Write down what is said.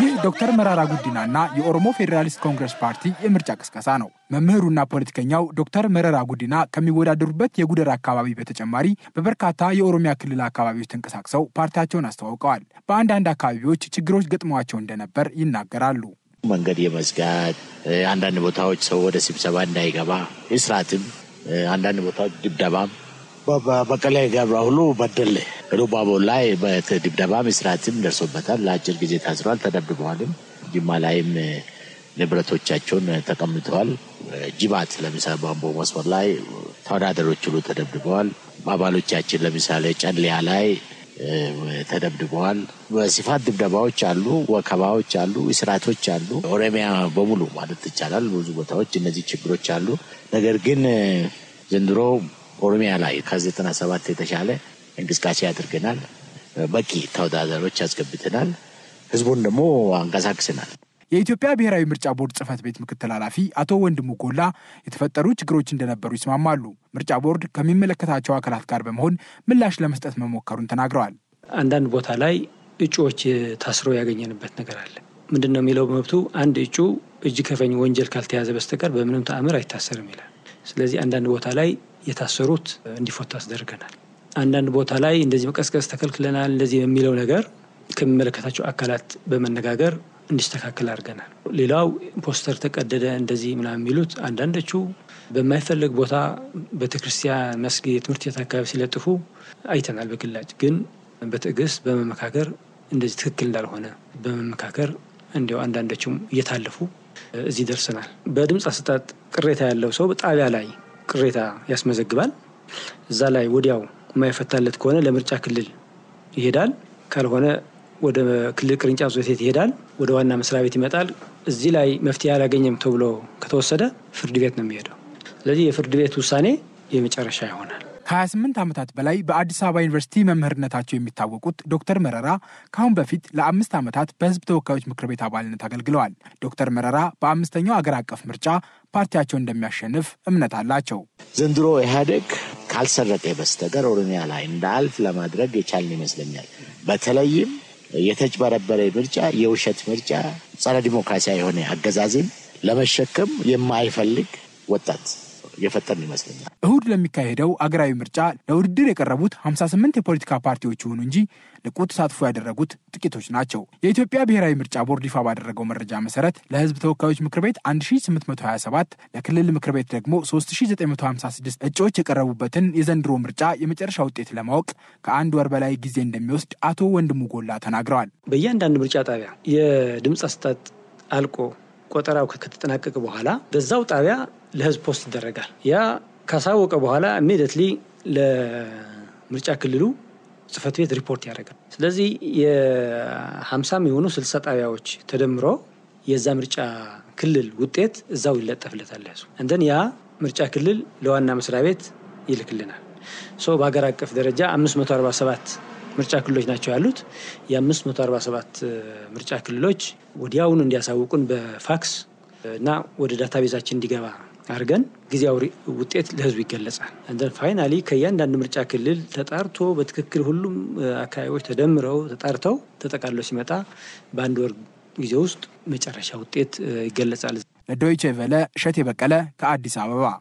ይህ ዶክተር መራራ ጉዲናና የኦሮሞ ፌዴራሊስት ኮንግረስ ፓርቲ የምርጫ ቅስቀሳ ነው። መምህሩና ፖለቲከኛው ዶክተር መረራ ጉዲና ከሚወዳደሩበት የጉደር አካባቢ በተጨማሪ በበርካታ የኦሮሚያ ክልል አካባቢዎች ተንቀሳቅሰው ፓርቲያቸውን አስተዋውቀዋል። በአንዳንድ አካባቢዎች ችግሮች ገጥመዋቸው እንደነበር ይናገራሉ። መንገድ የመዝጋት አንዳንድ ቦታዎች ሰው ወደ ስብሰባ እንዳይገባ እስራትም፣ አንዳንድ ቦታዎች ድብደባም በመቀሌ ገብራ ሁሉ በደሌ ሩባቦ ላይ በድብደባ ምስራትም ደርሶበታል። ለአጭር ጊዜ ታስሯል። ተደብድበዋልም። ጅማ ላይም ንብረቶቻቸውን ተቀምጠዋል። ጅባት ለምሳሌ በአምቦ መስመር ላይ ተወዳደሮች ሁሉ ተደብድበዋል። አባሎቻችን ለምሳሌ ጨልያ ላይ ተደብድበዋል። በስፋት ድብደባዎች አሉ፣ ወከባዎች አሉ፣ እስራቶች አሉ። ኦሮሚያ በሙሉ ማለት ይቻላል ብዙ ቦታዎች እነዚህ ችግሮች አሉ። ነገር ግን ዘንድሮ ኦሮሚያ ላይ ከዘጠና ሰባት የተሻለ እንቅስቃሴ አድርገናል። በቂ ተወዳዳሪዎች አስገብተናል። ህዝቡን ደግሞ አንቀሳቅስናል። የኢትዮጵያ ብሔራዊ ምርጫ ቦርድ ጽህፈት ቤት ምክትል ኃላፊ አቶ ወንድሙ ጎላ የተፈጠሩ ችግሮች እንደነበሩ ይስማማሉ። ምርጫ ቦርድ ከሚመለከታቸው አካላት ጋር በመሆን ምላሽ ለመስጠት መሞከሩን ተናግረዋል። አንዳንድ ቦታ ላይ እጩዎች ታስሮ ያገኘንበት ነገር አለ። ምንድን ነው የሚለው መብቱ አንድ እጩ እጅ ከፈኝ ወንጀል ካልተያዘ በስተቀር በምንም ተአምር አይታሰርም ይላል። ስለዚህ አንዳንድ ቦታ ላይ የታሰሩት እንዲፈቱ አስደርገናል። አንዳንድ ቦታ ላይ እንደዚህ መቀስቀስ ተከልክለናል፣ እንደዚህ የሚለው ነገር ከሚመለከታቸው አካላት በመነጋገር እንዲስተካከል አድርገናል። ሌላው ፖስተር ተቀደደ እንደዚህ ምናምን የሚሉት አንዳንዶቹ በማይፈለግ ቦታ ቤተክርስቲያን፣ መስጊድ፣ ትምህርት ቤት አካባቢ ሲለጥፉ አይተናል። በግላጭ ግን በትዕግስት በመመካከር እንደዚህ ትክክል እንዳልሆነ በመመካከር እንዲያው አንዳንዶቹም እየታለፉ እዚህ ደርሰናል። በድምፅ አሰጣጥ ቅሬታ ያለው ሰው ጣቢያ ላይ ቅሬታ ያስመዘግባል። እዛ ላይ ወዲያው የማይፈታለት ከሆነ ለምርጫ ክልል ይሄዳል። ካልሆነ ወደ ክልል ቅርንጫፍ ጽሕፈት ቤት ይሄዳል። ወደ ዋና መስሪያ ቤት ይመጣል። እዚህ ላይ መፍትሄ አላገኘም ተብሎ ከተወሰደ ፍርድ ቤት ነው የሚሄደው። ስለዚህ የፍርድ ቤት ውሳኔ የመጨረሻ ይሆናል። ከ28 ዓመታት በላይ በአዲስ አበባ ዩኒቨርሲቲ መምህርነታቸው የሚታወቁት ዶክተር መረራ ከአሁን በፊት ለአምስት ዓመታት በህዝብ ተወካዮች ምክር ቤት አባልነት አገልግለዋል። ዶክተር መረራ በአምስተኛው አገር አቀፍ ምርጫ ፓርቲያቸው እንደሚያሸንፍ እምነት አላቸው። ዘንድሮ ኢህአዴግ ካልሰረቀ በስተቀር ኦሮሚያ ላይ እንዳልፍ ለማድረግ የቻልን ይመስለኛል። በተለይም የተጭበረበረ ምርጫ፣ የውሸት ምርጫ፣ ጸረ ዲሞክራሲያ የሆነ አገዛዝን ለመሸከም የማይፈልግ ወጣት የፈጠን ይመስለኛል። እሁድ ለሚካሄደው አገራዊ ምርጫ ለውድድር የቀረቡት 58 የፖለቲካ ፓርቲዎች ይሁኑ እንጂ ንቁ ተሳትፎ ያደረጉት ጥቂቶች ናቸው። የኢትዮጵያ ብሔራዊ ምርጫ ቦርድ ይፋ ባደረገው መረጃ መሰረት ለህዝብ ተወካዮች ምክር ቤት 1827 ለክልል ምክር ቤት ደግሞ 3956 እጩዎች የቀረቡበትን የዘንድሮ ምርጫ የመጨረሻ ውጤት ለማወቅ ከአንድ ወር በላይ ጊዜ እንደሚወስድ አቶ ወንድሙ ጎላ ተናግረዋል። በእያንዳንድ ምርጫ ጣቢያ የድምፅ አሰጣጥ አልቆ ቆጠራው ከተጠናቀቀ በኋላ በዛው ጣቢያ ለህዝብ ፖስት ይደረጋል። ያ ካሳወቀ በኋላ ኢሚዲት ለምርጫ ክልሉ ጽህፈት ቤት ሪፖርት ያደርጋል። ስለዚህ የሀምሳም የሆኑ ስልሳ ጣቢያዎች ተደምሮ የዛ ምርጫ ክልል ውጤት እዛው ይለጠፍለታል ህዝቡ እንደን ያ ምርጫ ክልል ለዋና መስሪያ ቤት ይልክልናል። ሶ በሀገር አቀፍ ደረጃ 547 ምርጫ ክልሎች ናቸው ያሉት። የ547 ምርጫ ክልሎች ወዲያውኑ እንዲያሳውቁን በፋክስ እና ወደ ዳታቤዛችን እንዲገባ አድርገን ጊዜያዊ ውጤት ለህዝቡ ይገለጻል። እንደን ፋይናሊ ከእያንዳንዱ ምርጫ ክልል ተጣርቶ በትክክል ሁሉም uh, አካባቢዎች ተደምረው ተጣርተው ተጠቃሎ ሲመጣ በአንድ ወር ጊዜ ውስጥ መጨረሻ ውጤት uh, ይገለጻል። ለዶይቼ ቬለ እሸቴ በቀለ ከአዲስ አበባ